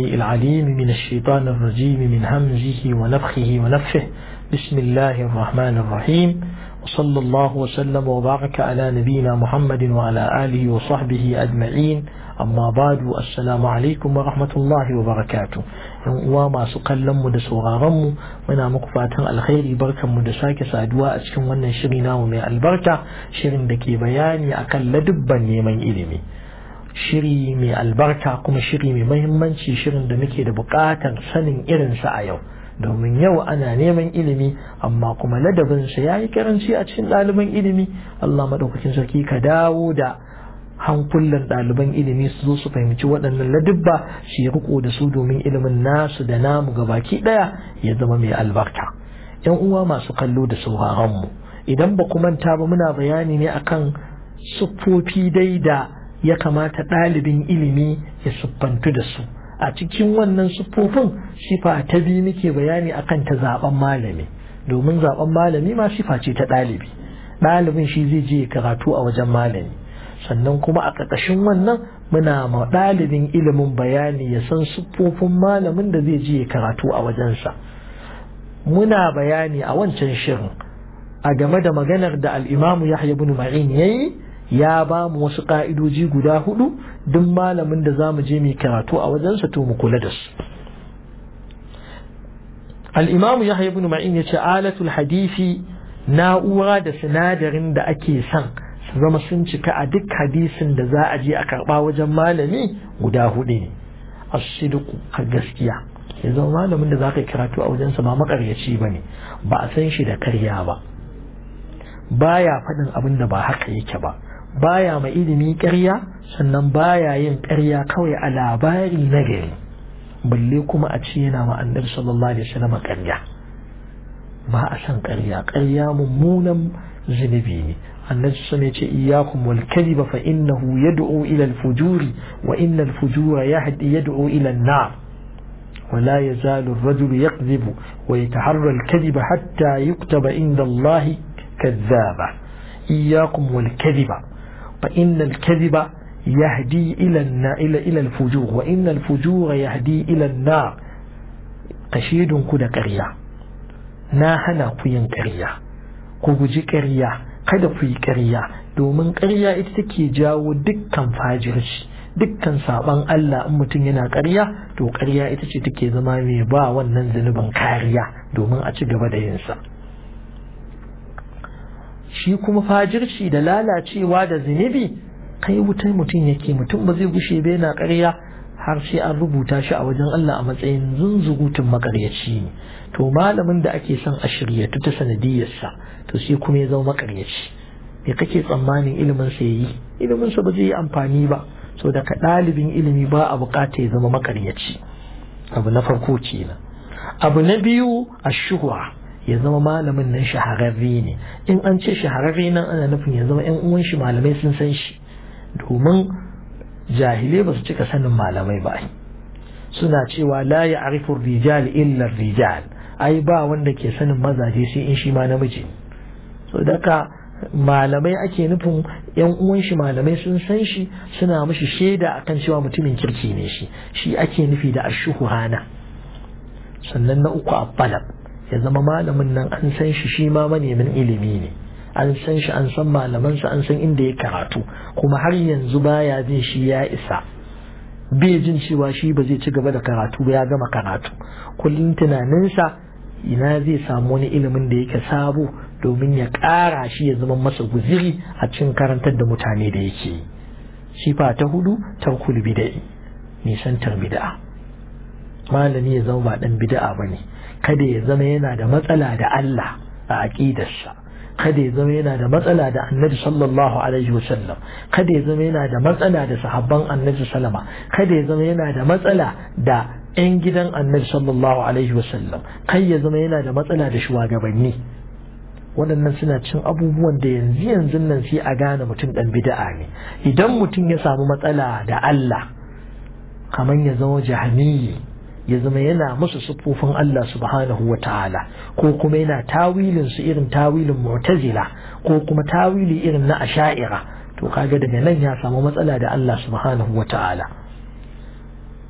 العليم من الشيطان الرجيم من همزه ونفخه ونفخه بسم الله الرحمن الرحيم وصلى الله وسلم وبارك على نبينا محمد وعلى آله وصحبه أجمعين أما بعد السلام عليكم ورحمة الله وبركاته وما سقلم مدس وغارم منا مقفاتا الخير بركة مدساك سادواء أسكن ونشرنا ومع البركة شرن دكي بياني أقل دبا من إلمي shiri mai albarka kuma shiri mai mahimmanci shirin da muke da bukatar sanin irin sa a yau domin yau ana neman ilimi amma kuma ladabinsa ya yi karanci a cikin ɗaliban ilimi Allah madaukakin sarki ka dawo da hankulan ɗaliban ilimi su zo su fahimci waɗannan ladubba su yi riko da su domin ilimin nasu da namu ga baki ɗaya ya zama mai albarka yan uwa masu kallo da sauraron mu. idan ba ku manta ba muna bayani ne akan siffofi dai da ya kamata ɗalibin ilimi ya siffantu da su a cikin wannan siffofin sifa ta biyu muke bayani akan ta zaben malami domin zaben malami ma sifa ce ta ɗalibi ɗalibin shi zai je karatu a wajen malami sannan kuma a ƙarƙashin wannan muna ma ɗalibin ilimin bayani ya san siffofin malamin da zai je karatu a wajensa muna bayani a wancan shirin a game da maganar da al'imamu yahya bin ma'in ya yi ya ba mu wasu ka'idoji guda hudu duk malamin da za mu je mai karatu a wajensa to mu kula da su al'imamu ya haifu ma'in ya ce alatul hadisi na'ura da sinadarin da ake son su zama sun cika a duk hadisin da za a je a karɓa wajen malami guda hudu ne a a gaskiya ya zama malamin da za ka karatu a wajensa ba makaryaci ba ne ba a san shi da karya ba baya faɗin abin da ba haka yake ba baya mai ilimi ƙarya sannan baya yin ƙarya kawai a labari na gari balle kuma a ce yana ma annabi sallallahu alaihi wasallam ƙarya ba a san ƙarya ƙarya mummunan zunubi ne annabi sun ce iyyakum wal kadhiba fa innahu yad'u ila al fujuri wa inna al fujura yahdi yad'u ila an nar ولا يزال الرجل يكذب ويتحرى الكذب حتى يكتب عند الله كذابا إياكم والكذب فإن الكذب يهدي إلى النا إلى إلى الفجور وإن الفجور يهدي إلى النار قشيد كد كريا ناهنا كين كريا كوجي كريا kada ku yi ƙarya domin ƙarya ita take jawo dukkan fajirci dukkan saban Allah in mutum yana ƙarya to ƙarya ita ce take zama mai ba wannan zunubin kariya domin a ci gaba da yinsa. shi kuma fajirci da lalacewa da zunubi kai wutar mutum yake mutum ba zai gushe bai na karya. har sai an rubuta shi a wajen Allah a matsayin zunzugutun makaryaci ne to malamin da ake son a shiryatu ta sanadiyarsa to sai kuma ya zama makaryaci me kake tsammanin ilimin sa yayi ilimin sa ba zai yi amfani ba so daga dalibin ilimi ba a bukata ya zama makaryaci abu na farko kenan abu na biyu ashuhwa ya zama malamin nan shahararre ne in an ce shahararre nan ana nufin ya zama yan uwan shi malamai sun san shi domin jahilai ba su cika sanin malamai ba suna cewa la arifu rijal illa rijal ai ba wanda ke sanin mazaje sai in shi ma namiji so daka malamai ake nufin yan uwan shi malamai sun san shi suna mishi shaida a kan cewa mutumin kirki ne shi shi ake nufi da Hana sannan na uku a abbalab ya zama malamin nan an san shi shi ma manemin ilimi ne an san shi an san malamansa an san inda ya karatu kuma har yanzu baya zai shi ya isa bai jin cewa shi ba zai ci gaba da karatu ba ya gama karatu kullum tunaninsa ina zai samu wani ilimin da yake sabo domin ya ƙara shi ya zama masa guziri a cikin karantar da mutane da yake sifa ta hudu ta tarkul da nisantar tarbida'a. malami ya zama ba ɗan bida'a ba ne kada ya zama yana da matsala da Allah a aƙidarsa kada ya zama yana da matsala da annabi sallallahu alaihi kada ya zama yana da matsala da sahabban annabi sallama kada ya zama yana da matsala da yan gidan annabi sallallahu alaihi kai ya zama yana da matsala da shugabanni waɗannan suna cin abubuwan da yanzu yanzu nan sai a gane mutum ɗan bida'a ne idan mutum ya samu matsala da Allah kamar ya zama jahamiyi ya zama yana musu siffofin Allah subhanahu wa ta'ala ko kuma yana tawilin su irin tawilin mu'tazila ko kuma tawili irin na asha'ira to kaga daga nan ya samu matsala da Allah subhanahu wa ta'ala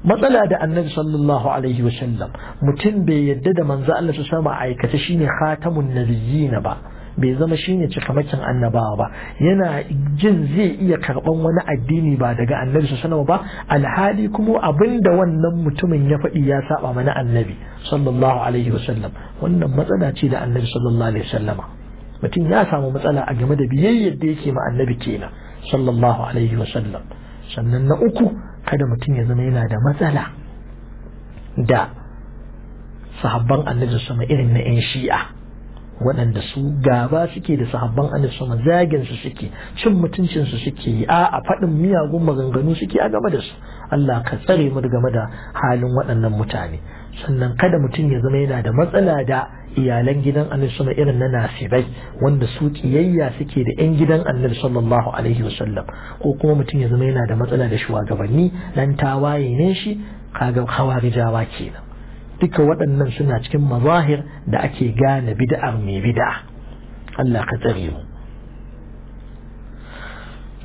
matsala da annabi sallallahu alaihi wa sallam mutum bai yadda da manzo Allah su sama aikata shine khatamun nabiyina ba bai zama shine cikamakin annabawa ba yana jin zai iya karban wani addini ba daga annabi sallallahu ba alhali kuma abinda wannan mutumin ya faɗi ya saba mana annabi sallallahu alaihi wasallam wannan matsala ce da annabi sallallahu alaihi wasallama mutum ya samu matsala a game da biyayyar da yake ma annabi kenan sallallahu alaihi wasallam sannan na uku kada mutum ya zama yana da matsala da sahabban annabi sama irin na 'yan shi'a waɗanda su gaba suke da sahabban annabi sama zagin su suke cin mutuncin su suke a a faɗin miyagun maganganu suke a game da su Allah ka tsare mu game da halin waɗannan mutane sannan kada mutum ya zama yana da matsala da iyalan gidan annabi sama irin na nasibai wanda su kiyayya suke da yan gidan annabi sallallahu alaihi wasallam ko kuma mutum ya zama yana da matsala da shugabanni dan tawaye ne shi kaga hawarijawa kenan duka waɗannan suna cikin mazahir da ake gane bid'ar mai bid'a Allah ka tsare mu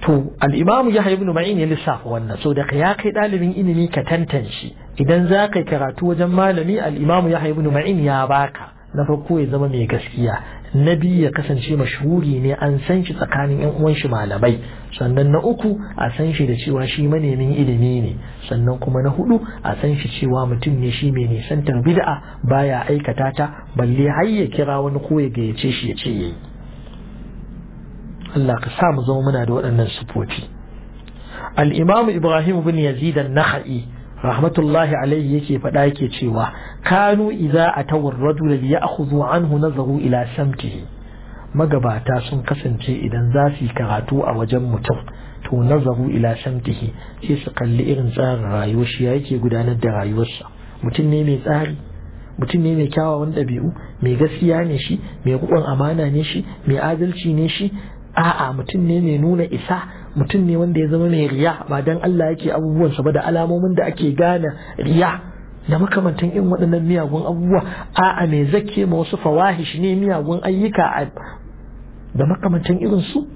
to al-imam Yahya ibn Ma'in ya lissafa wannan so da ya kai dalibin ilimi ka tantance idan za ka karatu wajen malami al-imam Yahya ibn Ma'in ya baka na farko ya zama mai gaskiya na biyu ya kasance mashhuri ne an san shi tsakanin yan uwan shi malamai sannan na uku a san shi da cewa shi manemin ilimi ne sannan kuma na hudu a san shi cewa mutum ne shi mai nisantar bid'a baya aikata ta balle har ya kira wani ko ya gayyace shi ya ce yayi Allah ka sa mu zama muna da waɗannan sufofi al-Imam Ibrahim bin Yazid an-Nakhai rahmatullahi alaihi yake faɗa yake cewa kanu iza a rajul li ya'khudhu anhu nazaru ila samtihi magabata sun kasance idan za su yi karatu a wajen mutum to nazaru ila samtihi sai su kalli irin tsarin rayuwar shi yake gudanar da rayuwarsa mutum ne mai tsari mutum ne mai kyawawan ɗabi'u mai gaskiya ne shi mai riƙon amana ne shi mai adalci ne shi a'a mutum ne mai nuna isa mutum ne wanda ya zama mai riya ba dan Allah yake abubuwan sa ba da alamomin da ake gane riya da makamantan irin waɗannan miyagun abubuwa a'a mai zake ma wasu fawahish ne miyagun ayyuka da makamantan irin su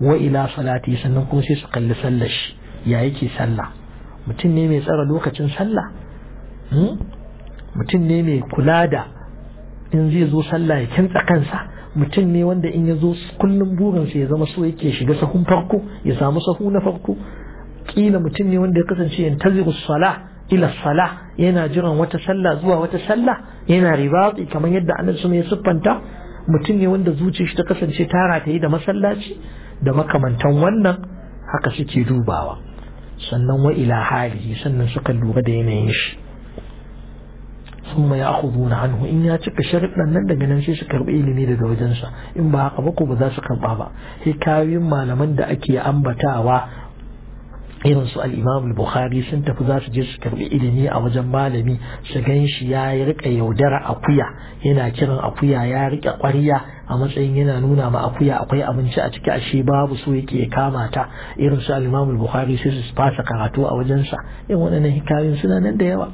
wa ila salati sannan kuma sai su kalli sallar shi ya yake sallah mutum ne mai tsara lokacin sallah hmm? mutum ne mai kula da in zai zo sallah ya kintsa kansa mutum ne wanda in ya zo kullum burinsa ya zama so yake shiga sahun farko ya samu sahu na farko kila mutum ne wanda ya kasance yantaziru sala ila sala yana jiran wata sallah zuwa wata sallah yana ribati kamar yadda annabi sun ya siffanta mutum ne wanda zuciyar shi ta kasance tara ta yi da masallaci da makamantan wannan haka suke dubawa sannan wa ila halihi sannan suka lura da yanayin shi summa na hannu in ya cika sharuɗan nan daga nan sai su karɓi ilimi daga wajensa in ba haka ba ko ba za su karɓa ba hikayoyin malaman da ake ambatawa irin su al-Imam bukhari sun tafi za su je su karɓi ilimi a wajen malami su gan shi ya rika yaudara akuya yana kiran akuya ya rika ƙwarya a matsayin yana nuna ma akuya akwai abinci a ciki ashe babu so yake ya kama ta irin su al-Imam bukhari sai su fasa karatu a wajensa in waɗannan hikayoyin suna nan da yawa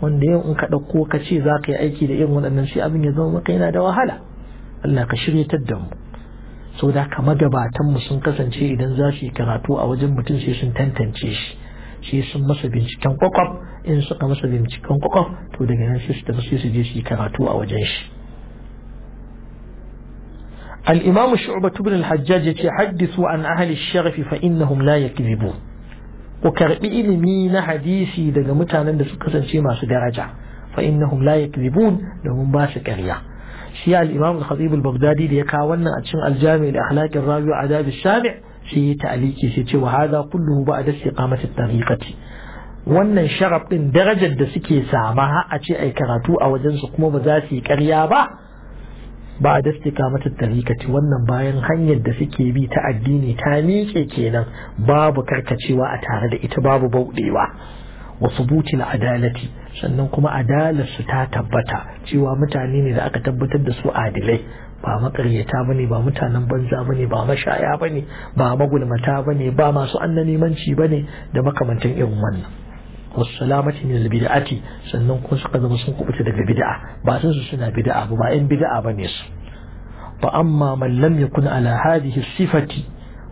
wanda yau in ka dauko ka ce za ka yi aiki da irin waɗannan shi abin ya zama maka yana da wahala Allah ka shirye ta da mu so da ka magabatan mu sun kasance idan za su yi karatu a wajen mutum sai sun tantance shi shi sun masa binciken kwakwaf in suka masa binciken kwakwaf to daga nan sai su tafi sai su je su yi karatu a wajen shi الإمام شعبة بن الحجاج يتحدث عن أهل الشغف فإنهم لا يكذبون ku karbi ilimi na hadisi daga mutanen da suka kasance masu daraja fa innahum la yakzibun domin ba su ƙarya shi al-imam al-khatib al-baghdadi da ya kawo wannan a cikin al-jami' al-akhlaq ar-rabi' adab al-shami' shi ya ta'aliki sai ce wa hadha kulluhu ba'da istiqamati at-tariqati wannan sharaf din darajar da suke sama a ce ai karatu a wajen su kuma ba za su yi ƙarya ba ba da istiqamatul kaci wannan bayan hanyar da suke bi ta addini ta miƙe kenan babu karkacewa a tare da ita babu bauɗewa wa na adalati sannan kuma adalar su ta tabbata cewa mutane ne da aka tabbatar da su adilai ba makaryata ne ba mutanen banza ba ne ba mashaya ba ne ba magulmata ne ba masu annanimanci ne da makamantan irin wannan wasalamati min albid'ati sannan kuma suka zama sun kubuta daga bid'a ba sun su suna bid'a ba in bida'a bid'a bane su fa amma man lam yakun ala hadhihi sifati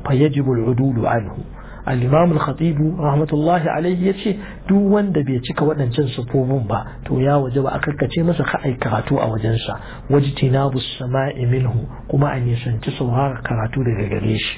fa yajibu al'udul anhu al-imam al-khatib rahmatullahi alayhi yace duk wanda bai cika waɗancan sifofin ba to ya waje ba a karkace masa ka ai karatu a wajen wajensa wajtinabu sama'i minhu kuma an nisanci sauraron karatu daga gare shi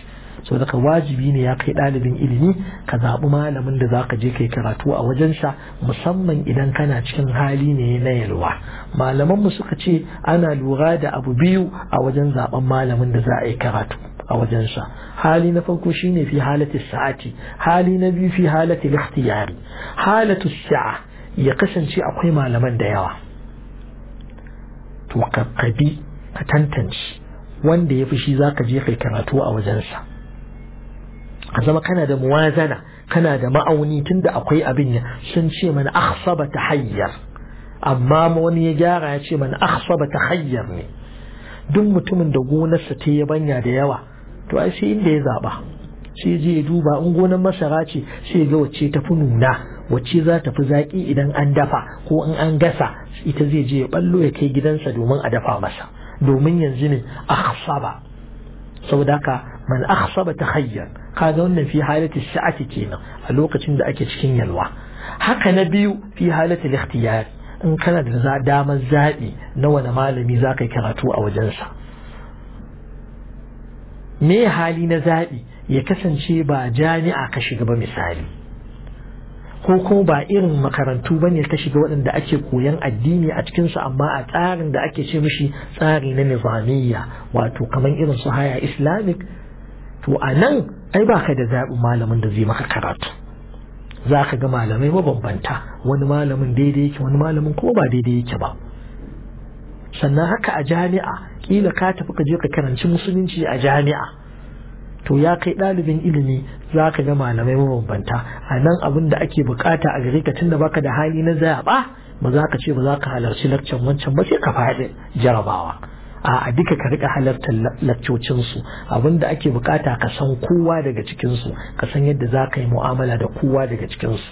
so daga wajibi ne ya kai ɗalibin ilimi ka zaɓi malamin da zaka je kai karatu a wajensa musamman idan kana cikin hali ne na yalwa malamanmu suka ce ana lura da abu biyu a wajen zaɓen malamin da za a yi karatu a wajensa hali na farko shine fi halati sa'ati hali na biyu fi halati ikhtiyari halatu sa'a ya kasance akwai malaman da yawa to ka ka tantance wanda ya fi shi zaka je kai karatu a wajensa A zama kana da muwazana kana da ma'auni tunda akwai abin ya sun ce mana akhsaba tahayyar amma wani ya gyara ya ce mana akhsaba tahayyar ne duk mutumin da gonarsa ta yi banya da yawa to ai sai inda ya zaba sai je ya duba in gonar masara ce sai ga wacce ta fi nuna wacce za ta fi zaƙi idan an dafa ko in an gasa ita zai je ya ballo ya kai gidansa domin a dafa masa domin yanzu ne akhsaba saboda haka man ta takhayyar kaga wannan fi halatu sha'ati kenan a lokacin da ake cikin yalwa haka na biyu fi halati ikhtiyar in kana da damar zaɓi na wani malami za ka yi karatu a wajensa me hali na zaɓi ya kasance ba jami'a ka shiga ba misali ko ko ba irin makarantu ba ne ta shiga waɗanda ake koyan addini a cikinsu amma a tsarin da ake ce mishi tsari na nizamiyya wato kamar irin su haya islamic to a nan ai ba ka da zaɓi malamin da zai maka karatu za ka ga malamai mabambanta wani malamin daidai yake wani malamin kuma ba daidai yake ba sannan haka a jami'a kila ka tafi ka je ka karanci musulunci a jami'a to ya kai ɗalibin ilimi za ka ga malamai mabambanta a nan abin da ake bukata a gare ka tunda baka da hali na zaɓa ba za ka ce ba za ka halarci lakcan wancan ba sai ka faɗi jarabawa a duka ka rika halartar lakcocinsu abin da ake bukata ka san kowa daga cikinsu ka san yadda za ka yi mu'amala da kowa daga cikinsu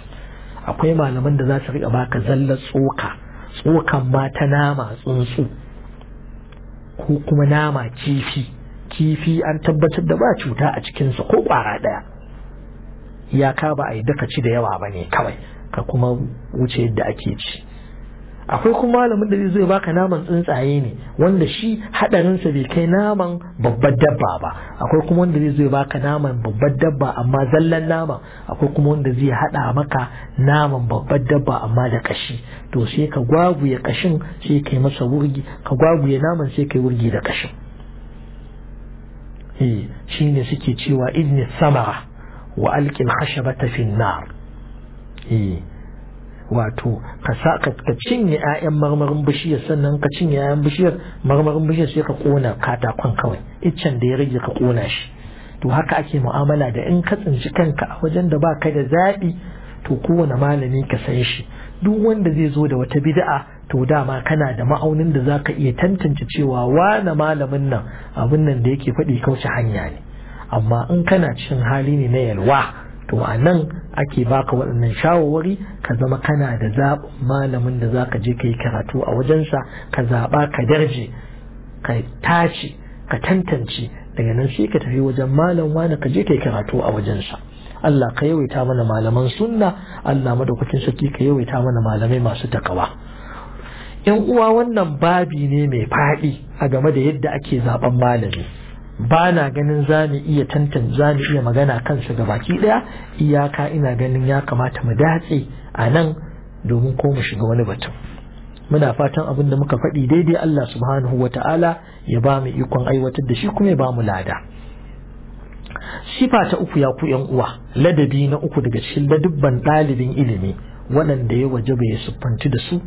akwai malaman da za su rika baka zallar tsoka tsokan ma ta nama tsuntsu ko kuma nama kifi kifi an tabbatar da ba cuta a cikinsa ko ƙwara ɗaya ka ba a yi daka ci da yawa ba ne kawai ka kuma wuce yadda ake ci akwai kuma malamin da zai baka naman tsuntsaye ne wanda shi haɗarinsa bai kai naman babbar dabba ba akwai kuma wanda zai baka naman babbar dabba amma zallan naman akwai kuma wanda zai haɗa maka naman babbar dabba amma da kashi to sai ka gwaguye kashin sai kai masa wurgi ka gwaguye naman sai kai wurgi da kashin ne suke cewa idni samara wa alqil khashabata fi wato ka ka cinye 'ya'yan marmarin bishiyar sannan ka cinye 'ya'yan bishiyar marmarin bishiyar sai ka kona katakon kawai iccen da ya rage ka kona shi to haka ake mu'amala da in ka tsinci kanka a wajen da ba ka da zaɓi to kowane malami ka san shi duk wanda zai zo da wata bid'a to dama kana da ma'aunin da zaka iya tantance cewa wane malamin nan abin nan da yake faɗi kauce hanya ne amma in kana cikin hali ne na yalwa to a nan ake baka waɗannan shawarwari ka zama kana da zaɓin malamin da zaka je ka yi karatu a wajensa ka zaɓa ka darje ka tace ka tantance daga nan sai ka tafi wajen malam wani ka je ka yi karatu a wajensa Allah ka yawaita mana malaman sunna Allah madaukakin sarki ka yawaita mana malamai masu takawa yan uwa wannan babi ne mai faɗi a game da yadda ake zaben malami ba na ganin za mu iya tantan za mu iya magana kansa ga baki ɗaya iyaka ina ganin ya kamata mu datse a nan domin ko mu shiga wani batun muna fatan abin da muka faɗi daidai Allah subhanahu wa ta'ala ya ba mu ikon aiwatar da shi kuma ya ba mu lada sifa ta uku ya ku yan uwa ladabi na uku daga cikin ladubban ɗalibin ilimi waɗanda ya waje ya siffanci da su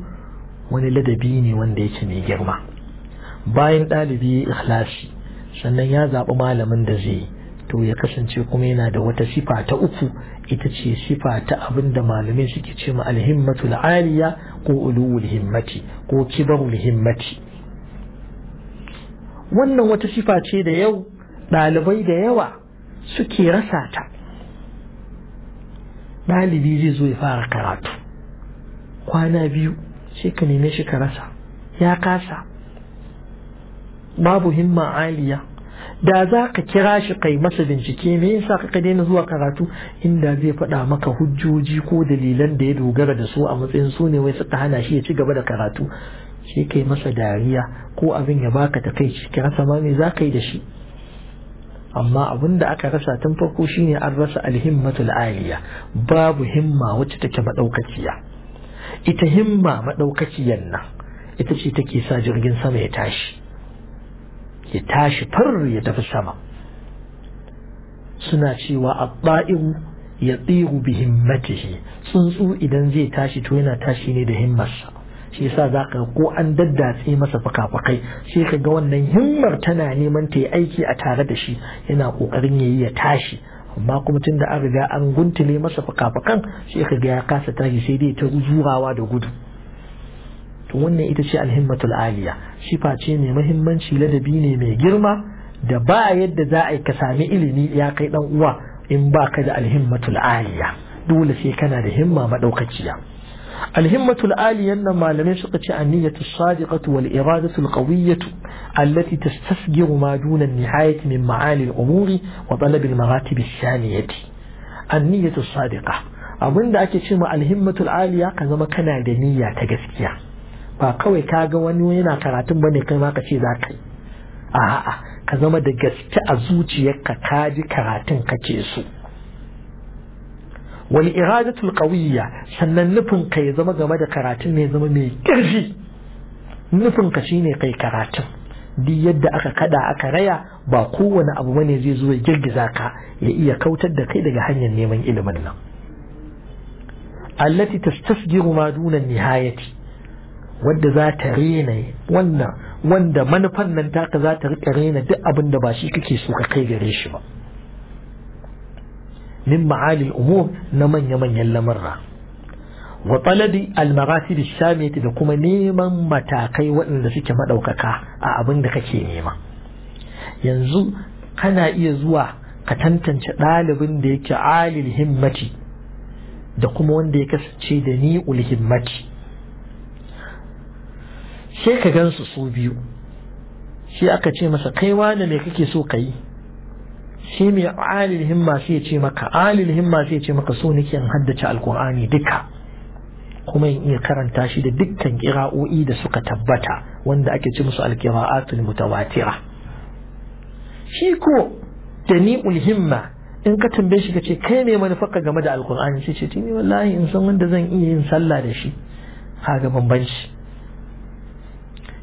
wani ladabi ne wanda yake mai girma bayan ɗalibi ya ikhlasi sannan ya zaɓi malamin da zai yi to ya kasance kuma yana da wata sifa ta uku ita ce sifa ta abin da malamai suke ce ma alhimmatu aliya ko uluwul himmati ko kibarul himmati wannan wata sifa ce da yau ɗalibai da yawa suke rasa ta ɗalibi zai zo ya fara karatu kwana biyu sai ka neme shi ka rasa ya kasa babu himma aliya da za ka kira shi kai masa bincike me yasa ka daina zuwa karatu inda zai faɗa maka hujjoji ko dalilan da ya dogara da su a matsayin su ne wai suka hana shi ya ci gaba da karatu sai kai masa dariya ko abin ya baka ta shi ka rasa ma me za ka yi da shi amma abin da aka rasa tun farko shine an rasa alhimmatul aliya babu himma wacce take madaukakiya ita himma madaukakiyar nan ita ce take sa jirgin sama ya tashi ya tashi far ya tafi sama suna cewa abba'iru ya tsiru bi himmatihi tsuntsu idan zai tashi to yana tashi ne da himmarsa shi yasa za ka ko an daddatse masa fuka-fukai ka ga wannan himmar tana neman ta yi aiki a tare da shi yana ƙoƙarin ya yi ya tashi amma kuma tun da an riga an guntule masa fuka-fukan shi ka ga ya kasa tashi sai dai ta zurawa da gudu to wannan ita ce alhimmatul aliya sifa ce mai muhimmanci ladabi ne mai girma da ba yadda za a yi ka sami ilimi ya kai dan uwa in ba ka da alhimmatul aliya dole sai kana da himma madaukakiya الهمة الآلية ما لم يسقط النية الصادقة والإرادة القوية التي تستسجر ما دون النهاية من معالي الأمور وطلب المراتب الثانية النية الصادقة أظن ذلك شيء ما الهمة العالية كما كان النية تجسكيا فقوي كاغا ونوينا كاراتم بني كما كشي ذاكي آه آه, آه. كما دقسك أزوجيك كاجي كاراتم كشي سو Wani iradatul qawiyya sannan nufin ka ya zama game da karatun ne zama mai ƙarfi nufin ka shine kai karatun duk yadda aka kada aka raya ba kowane abu bane zai zo ya girgiza ka ya iya kautar da kai daga hanyar neman ilimin nan allati tastasjiru ma duna nihayati wadda za ta rena wannan, wanda manufan nan taka za ta rika rena duk abin da ba shi kake so ka kai gare shi ba min ma'alil umur na manya-manyan lamurra wa talabi almarasid da kuma neman matakai waɗanda suke maɗaukaka a abin da kake nema yanzu kana iya zuwa ka tantance ɗalibin da yake alil himmati da kuma wanda ya kasance da ni ulhimmaci sai ka gansu su biyu shi aka ce masa kaiwa da me kake so ka yi shi mai alil himma sai ce maka alil himma sai ce maka so nake in haddace alkur'ani duka kuma in iya karanta shi da dukkan kira'o'i da suka tabbata wanda ake ci musu alkira'atul mutawatira shi ko dani'ul himma in ka tambaye shi ka ce kai me manufarka game da alkur'ani sai ce tini wallahi in san wanda zan iya yin sallah da shi kaga bambanci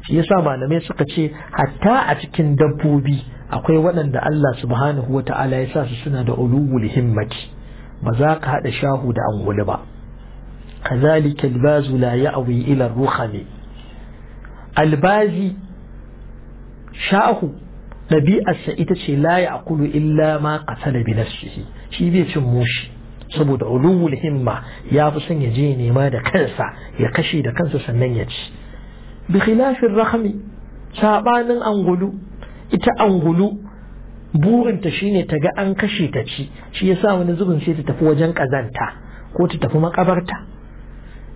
shi yasa malamai suka ce hatta a cikin dabbobi akwai waɗanda Allah subhanahu wata'ala ya sa su suna da ululul himmati ba za ka hada shahu da anguli ba kazalika albazu la ya'wi ila ruhani albazi shahu sa ita ce la ya'kulu illa ma qatala bi nafsihi shi bai cin mushi saboda ululul himma ya fi son ya je nema da kansa ya kashe da kansa sannan ya ci bi khilafin rahmi sabanin angulu ita angulu burinta shine ta ga an kashe ta ci shi yasa wani zubin sai ta tafi wajen kazanta ko ta tafi makabarta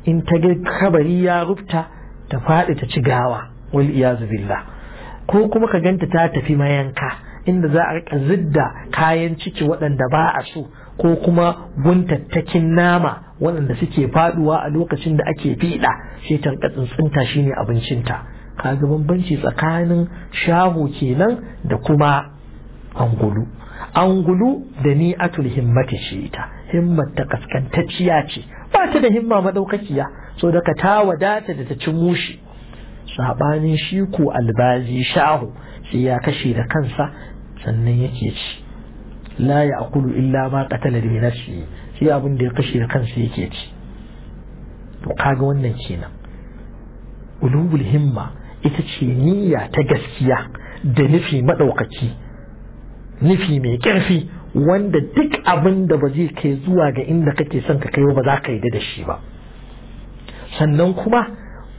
in ta ga kabari ya rufta ta faɗi ta ci gawa wal iyazu billah ko kuma ka ganta ta tafi mayanka inda za a rika zidda kayan ciki waɗanda ba a so ko kuma guntattakin nama waɗanda suke faduwa a lokacin da ake fiɗa shi tankatsin tsinta shine abincinta kaga bambanci tsakanin shahu kenan da kuma angulu angulu da ni atul himmati ce ta. himmat ta kaskantacciya ce ba ta da himma madaukakiya so daga ta wadata da ta ci mushi sabanin shi ko albazi shahu sai ya kashe da kansa sannan yake ci la ya Kulu illa ma qatala bi nafsi sai abin da ya kashe da kansa yake ci to kaga wannan kenan ulubul himma ita ce niyya ta gaskiya da nufi maɗaukaki nufi mai ƙarfi wanda duk abin da ba zai kai zuwa ga inda kake son ka kai ba za ka yi da shi ba sannan kuma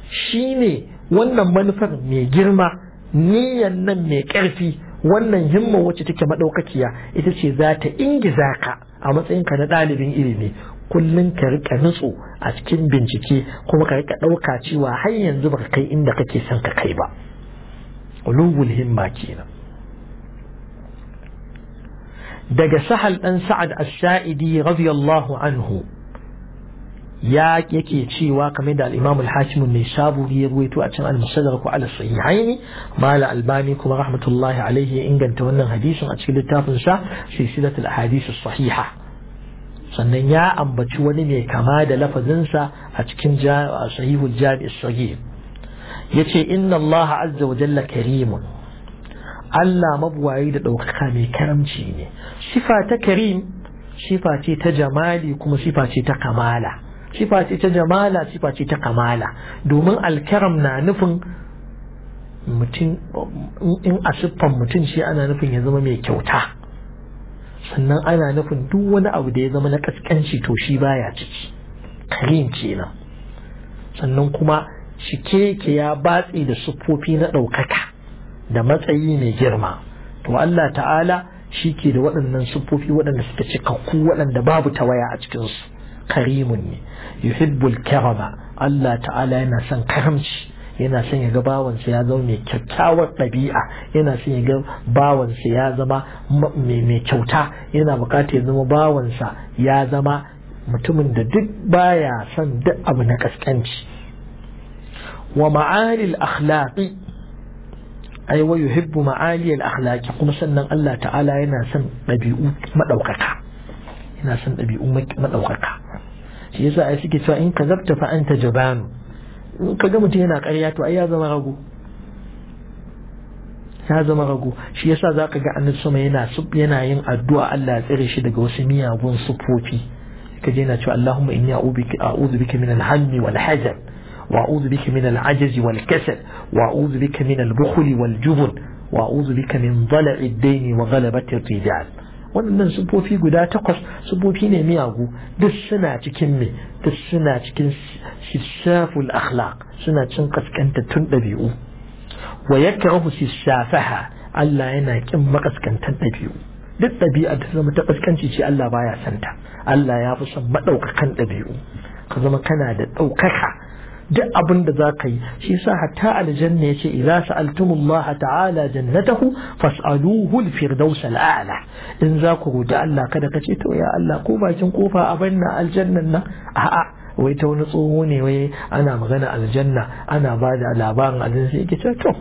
shi ne wannan manufar mai girma niyyan nan mai ƙarfi wannan himma wacce take maɗaukaciya ita ce za ta ingiza ka a matsayinka na ɗalibin ilimi kullum ka rika nutsu a cikin bincike kuma ka rika ɗauka cewa har yanzu baka kai inda kake son ka kai ba ulubul himma kenan daga sahal ɗan sa'ad as-sa'idi radiyallahu anhu ya yake cewa kamar da al-imam al-hakim mai sabu ya ruwaito a cikin al-musaddaq ko al-sahihaini mala albani kuma rahmatullahi alaihi ya inganta wannan hadisin a cikin littafin sa silsilatul ahadith as-sahiha sannan ya ambaci wani mai kama da lafazinsa a cikin sahihul jami'i sahih ce inna Allah azza wa jalla karimun Allah mabuwayi da ɗaukaka mai karamci ne sifa ta karim sifa ce ta jamali kuma sifa ce ta kamala sifa ce ta jamala sifa ce ta kamala domin alkaram na nufin mutum in a siffan mutum shi ana nufin ya zama mai kyauta sannan ana nufin duk wani abu da ya zama na kaskanci to shi baya ciki karim kenan sannan kuma shikeke ya batsi da siffofi na ɗaukaka da matsayi mai girma to Allah ta'ala shi ke da waɗannan siffofi waɗanda suka cikakku waɗanda babu tawaya a cikinsu karimun ne yuhibbul karama Allah ta'ala yana son karamci yana son ya ga bawansa ya zama mai kyakkyawar ɗabi'a yana son ya ga bawansa ya zama mai kyauta yana bukatar ya zama bawansa ya zama mutumin da duk baya son duk abu na kaskanci wa ma'alil akhlaqi ay wa yuhibbu ma'alil akhlaqi kuma sannan Allah ta'ala yana son ɗabi'u madaukaka yana son ɗabi'u madaukaka shi yasa ai suke cewa in kazabta fa anta jabanu kaga mutum yana ƙarya to ai ya zama rago ya zama rago shi yasa za ka ga annabi sama yana yana yin addu'a Allah ya tsare shi daga wasu miyagun sufofi kaje yana cewa Allahumma inni a'udhu bika min al-hammi wal hajar wa a'udhu bika min al-ajzi wal kasal wa a'udhu bika min al-bukhli wal jubn wa a'udhu bika min dhala'id ad-dayn wa ghalabati ar-rijal waɗannan sufofi guda takwas sufofi ne miyagu duk suna cikin me duk suna cikin sissaful akhlaq suna cin tun ɗabi'u wa yakrahu sissafaha Allah yana kin makaskantan ɗabi'u duk ɗabi'a ta zama ta kaskanci ce Allah baya santa Allah ya fi son maɗaukakan ɗabi'u ka zama kana da ɗaukaka duk abin da za ka yi shi yasa hatta aljanna yace idza sa'altumullaha ta'ala jannatahu fas'aluhu al-firdaus al-a'la in za ku roki Allah kada ka ce to ya Allah ko bakin kofa a banna aljannan nan a'a wai ta wani tsoho ne wai ana magana aljanna ana ba da labarin aljanna sai yake to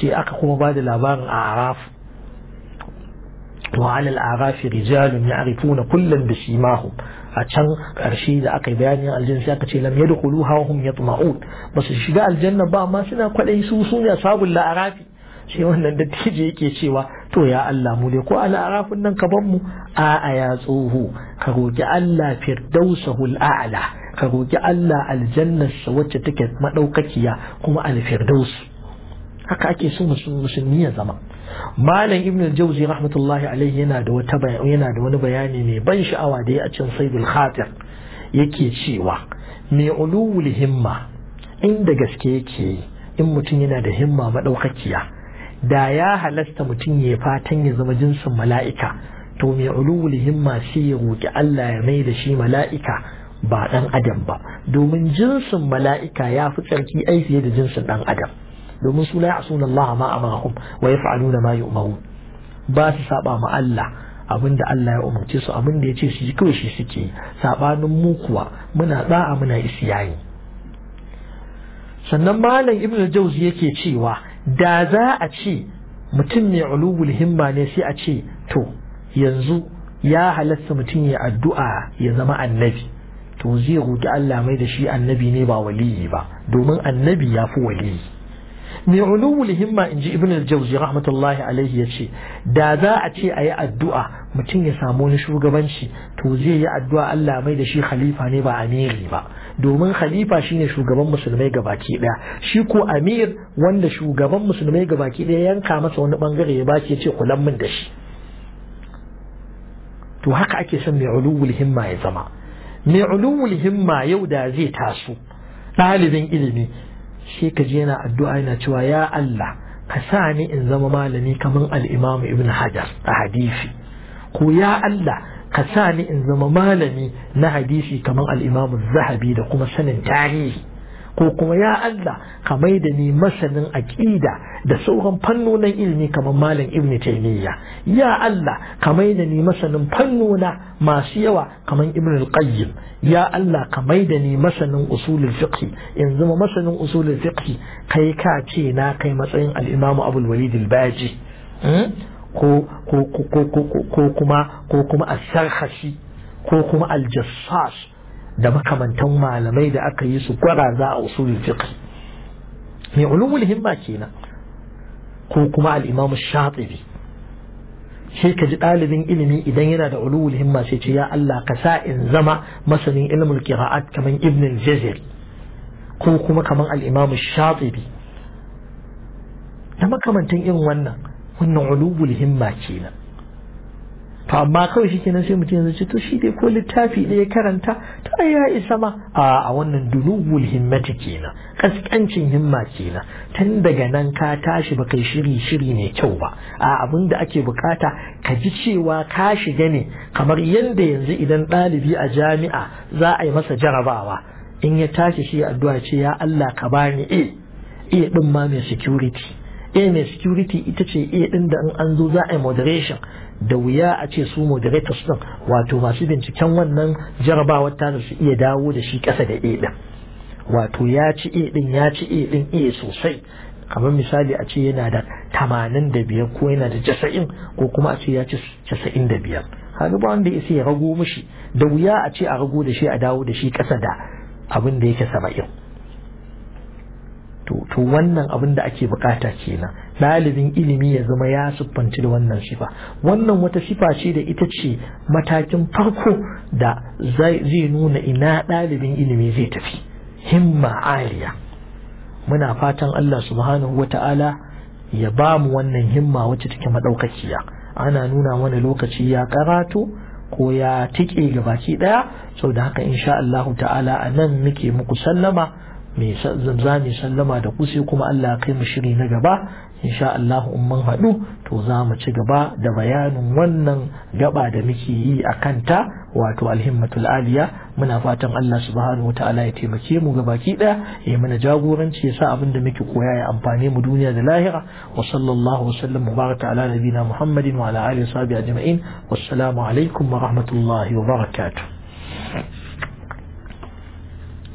sai aka kuma ba da labarin araf وعلى alal رجال يعرفون كلا kullan a can ƙarshe da aka yi bayanin aljanna sai aka ce lam yadkhulu ha yatma'un ba su shiga aljanna ba amma suna kwaɗayi su su ne sabul la'arafi sai wannan dattijo yake cewa to ya Allah mu dai ko al'arafin nan ka ban mu a a ya tsoho ka roki Allah firdausahul a'la ka roki Allah sa wacce take madaukakiya kuma alfirdaus haka ake so musulmi ya zama malam ibn al-jawzi rahmatullahi alaihi yana da wata yana da wani bayani mai ban sha'awa da ya a cin saidul khatir yake cewa mai uluwul himma inda gaske yake yi in mutum yana da himma madaukakiya da ya halasta mutum ya fatan ya zama jinsin mala'ika to mai uluwul himma sai ya roki Allah ya mai da shi mala'ika ba dan adam ba domin jinsin mala'ika ya fi tsarki ai fiye da jinsin dan adam domin su la ya'suna Allah ma amarahum wa yaf'aluna ma yu'marun ba su saba ma Allah abinda Allah ya umarce su abinda ya ce su ji kawai shi suke sabanin mu kuwa muna da'a muna isyani sannan malam ibnu jauzi yake cewa da za a ce mutum mai ulubul himma ne sai a ce to yanzu ya halatta mutum ya addu'a ya zama annabi to zai roki Allah mai da shi annabi ne ba waliyi ba domin annabi ya fi waliyi mai ulumul himma inji ibn al rahmatullahi alaihi ya ce. da za a ce ayi addu'a mutum ya samu wani shugabanci to zai yi addu'a Allah mai da shi khalifa ne ba amiri ba domin khalifa shine shugaban musulmai gabaki daya shi ko amir wanda shugaban musulmai gabaki daya yanka masa wani bangare ya ya yace kulan min da shi to haka ake son mai ulumul himma ya zama mai ulumul himma yau da zai taso ɗalibin ilimi sai ka ji yana addu'a yana cewa ya Allah ka sa ni in zama malami kamar al-Imam Ibn Hajar a hadisi ko ya Allah ka sa ni in zama malami na hadisi kamar al-Imam Zahabi da kuma sanin tarihi ko kuma ya Allah ka mai da ni masanin aƙida da sauran fannonin ilimi kamar malam ibn taimiyya ya Allah ka mai da ni masanin fannona masu yawa kamar ibn al-qayyim ya Allah ka mai da ni masanin usulul fiqh yanzu masanin usulul fiqh kai ka ce na kai matsayin al-imam al walid al-baji hmm? ko ko ko ko ko kuma ko kuma as-sarhashi ko kuma al-jassas da makamantan malamai da aka yi su gwaraza a usulul fiqh mai ulumul himma kenan ko kuma al-imam shatibi sai ka ji ɗalibin ilimi idan yana da ulumul himma sai ce ya Allah ka sa in zama masanin ilmul qira'at kaman ibn al-jazir ko kuma kaman al-imam shatibi da makamantan irin wannan wannan ulumul himma kenan to amma kawai shi kenan sai mutum yanzu ce to shi dai ko littafi ya karanta to ya isa ma a wannan dulubul himmati kenan kaskancin himma kenan tun daga nan ka tashi baka yi shiri shiri ne kyau ba a abin da ake bukata ka ji cewa ka shiga ne kamar yadda yanzu idan ɗalibi a jami'a za a yi masa jarabawa in ya tashi shi addu'a ce ya Allah ka bani A, e din ma mai security a mai security ita ce a ɗin da in an zo za a yi moderation da wuya a ce su moderators ɗin wato masu binciken wannan jarabawar ta su iya dawo da shi ƙasa da a ɗin wato ya ci a ɗin ya ci a ɗin a sosai kamar misali a ce yana da tamanin da biyar ko yana da casa'in ko kuma a ce ya ci casa'in da biyar hannu ba wanda ya rago mishi da wuya a ce a rago da shi a dawo da shi ƙasa da abin da yake saba'in to wannan abin da ake bukata kenan dalibin ilimi ya zama ya siffanci da wannan sifa wannan wata sifa ce da ita ce matakin farko da zai nuna ina dalibin ilimi zai tafi himma aliya muna fatan Allah subhanahu wa ta'ala ya ba mu wannan himma wacce take maɗaukaciya. ana nuna mana lokaci ya karatu ko ya tike gabaki ɗaya sau da haka insha Allah ta'ala a nan muke muku sallama mai za mu sallama da ku sai kuma Allah ya kai mu shiri na gaba insha Allah in mun haɗu to za mu ci gaba da bayanin wannan gaba da muke yi a kanta wato alhimmatul aliya muna fatan Allah subhanahu wa ta'ala ya taimake mu ga baki ɗaya ya mana jagoranci ya sa abin da muke koya ya amfane mu duniya da lahira wa sallallahu wa sallam mubaraka ala nabina Muhammadin wa ala alihi wa sahbihi ajma'in wassalamu alaikum wa rahmatullahi wa barakatuh